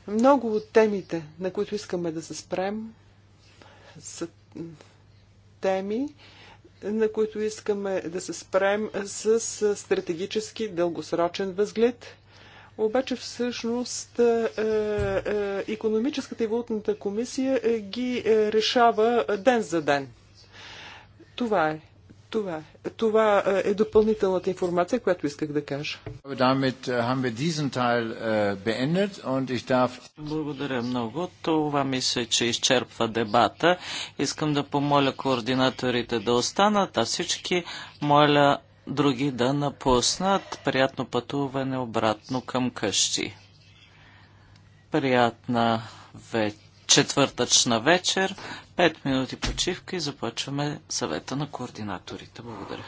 много от темите, на които искаме да се спрем, са теми, на които искаме да се спрем с стратегически дългосрочен възглед. Обаче всъщност е, е, економическата и валутната комисия е, ги решава ден за ден. Това е. Това, това е, е допълнителната информация, която исках да кажа. Е, е, Благодаря много. Това мисля, че изчерпва дебата. Искам да помоля координаторите да останат, а всички моля други да напуснат. Приятно пътуване обратно към къщи. Приятна вечер четвъртъчна вечер. Пет минути почивка и започваме съвета на координаторите. Благодаря.